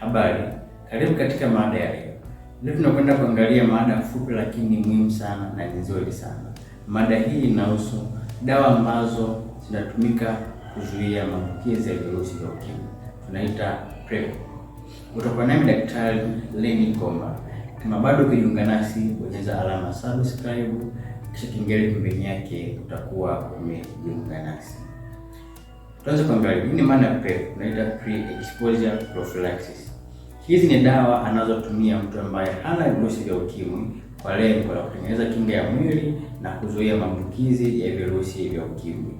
Habari, karibu katika mada ya leo. Leo tunakwenda kuangalia mada fupi lakini muhimu sana na nzuri sana. Mada hii inahusu dawa ambazo zinatumika kuzuia maambukizi ya virusi vya ukimwi, tunaita PrEP. Utakuwa nami Daktari Lenny Komba. Kama bado kujiunga nasi, bonyeza alama subscribe kisha kengele pembeni yake, utakuwa umejiunga nasi. Tuanze kuangalia nini maana ya PrEP, tunaita pre exposure prophylaxis. Hizi ni dawa anazotumia mtu ambaye hana virusi vya ukimwi kwa lengo la kutengeneza kinga ya mwili na kuzuia maambukizi ya virusi vya ukimwi,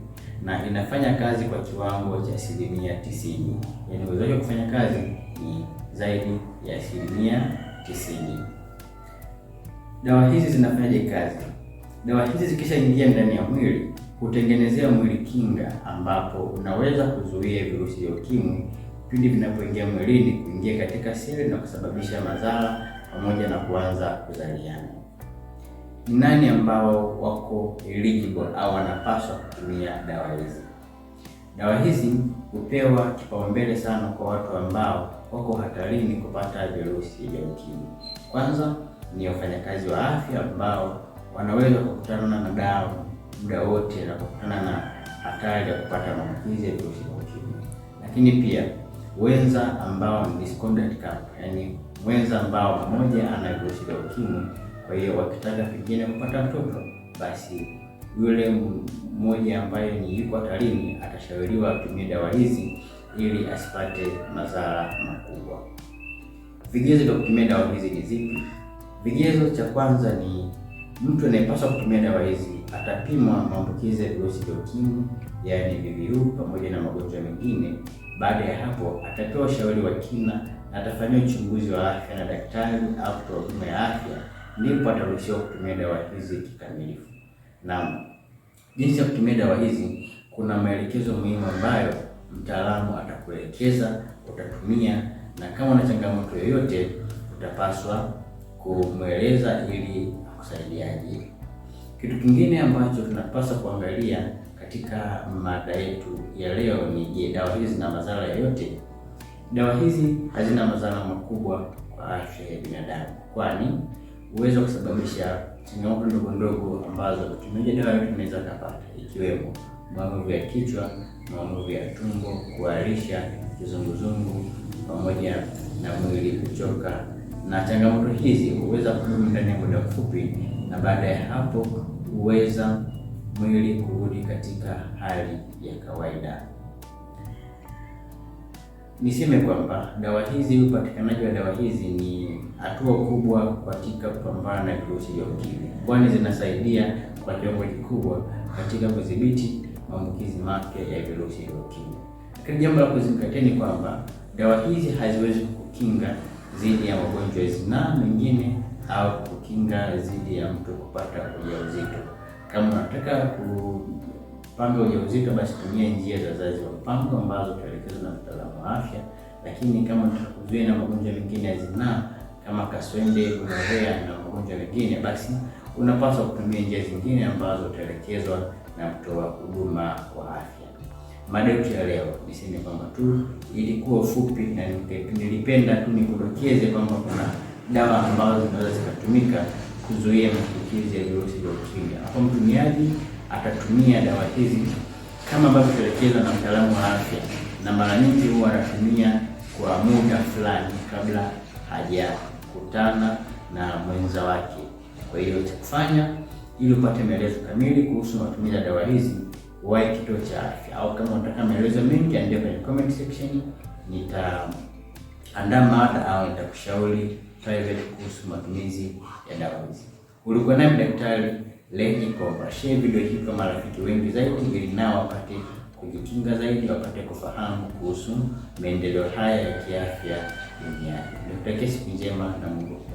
na inafanya kazi kwa kiwango cha asilimia tisini, yaani uwezo wake kufanya kazi ni zaidi ya asilimia tisini. Dawa hizi zinafanyaje kazi? Dawa hizi zikishaingia ndani ya mwili hutengenezea mwili kinga ambapo unaweza kuzuia virusi vya ukimwi pindi vinapoingia mwilini kuingia katika seli na kusababisha madhara pamoja na kuanza kuzaliana. Ni nani ambao wako eligible au wanapaswa kutumia dawa hizi? Dawa hizi hupewa kipaumbele sana kwa watu ambao wako hatarini kupata virusi vya ukimwi. Kwanza ni wafanyakazi wa afya ambao wanaweza kukutana na dawa muda wote nakutana na hatari ya kupata maambukizi ya virusi vya ukimwi, lakini pia wenza ambao ni discordant couple, yani mwenza ambao mmoja ana virusi vya ukimwi, kwa hiyo wakitaka pengine kupata mtoto, basi yule mmoja ambaye ni yuko hatarini atashauriwa atumie dawa hizi ili asipate madhara makubwa. Vigezo vya kutumia dawa hizi ni zipi? Vigezo cha kwanza ni Mtu anayepaswa kutumia dawa hizi atapimwa maambukizi ya virusi vya ukimwi, yaani VVU, pamoja na magonjwa mengine. Baada ya hapo, atapewa ushauri wa kina na atafanyia uchunguzi wa afya na daktari au kutoa huduma ya afya, ndipo ataruhusiwa kutumia dawa hizi kikamilifu. Naam, jinsi ya kutumia dawa hizi, kuna maelekezo muhimu ambayo mtaalamu atakuelekeza utatumia, na kama una changamoto yoyote utapaswa kumweleza ili kusaidiaje. Kitu kingine ambacho tunapaswa kuangalia katika mada yetu ya leo ni je, dawa hizi zina madhara yoyote? Dawa hizi hazina madhara makubwa kwa afya ya binadamu, kwani uwezo wa kusababisha changamoto ndogo ndogo ambazo mtumiaji dawa yote tunaweza kupata, ikiwemo maumivu ya kichwa, maumivu ya tumbo, kuharisha, kizunguzungu, pamoja na mwili kuchoka na changamoto hizi huweza kudumu ndani ya muda mfupi, na baada ya hapo huweza mwili kurudi katika hali ya kawaida. Niseme kwamba dawa hizi, upatikanaji wa dawa hizi ni hatua kubwa katika kupambana na virusi vya UKIMWI, kwani zinasaidia kwa kiwango kikubwa katika kudhibiti maambukizi mapya ya virusi vya UKIMWI. Lakini jambo la kuzingatia ni kwamba dawa hizi haziwezi kukinga dhidi ya magonjwa ya zinaa mengine au kukinga dhidi ya mtu kupata ujauzito. Kama unataka kupanga ujauzito, basi tumia njia za uzazi wa mpango ambazo utaelekezwa na mtaalamu wa afya, lakini kama unataka kuzuia na magonjwa mengine ya zinaa kama kaswende, gonorrhea na magonjwa mengine, basi unapaswa kutumia njia zingine ambazo utaelekezwa na mtoa huduma wa afya mada yetu ya leo niseme kwamba tu ilikuwa fupi, na nilipenda tu nikudokeze kwamba kuna dawa ambazo zinaweza zikatumika kuzuia maambukizi ya virusi vya ukimwi. Hapo mtumiaji atatumia dawa hizi kama ambavyo tuelekezwa na mtaalamu wa afya, na mara nyingi huwa anatumia kwa muda fulani kabla hajakutana na mwenza wake. Kwa hiyo cha kufanya ili upate maelezo kamili kuhusu matumizi ya dawa hizi wai kituo cha afya, au kama unataka maelezo mengi andika kwenye comment section, nitaandaa mada au nitakushauri private kuhusu matumizi ya dawa hizi. Ulikuwa nami Daktari Lenny Komba. Share video hii kwa marafiki wengi zaidi, ili nao wapate kujikinga zaidi, wapate kufahamu kuhusu maendeleo haya ya kiafya duniani. Nikutakia siku njema na Mungu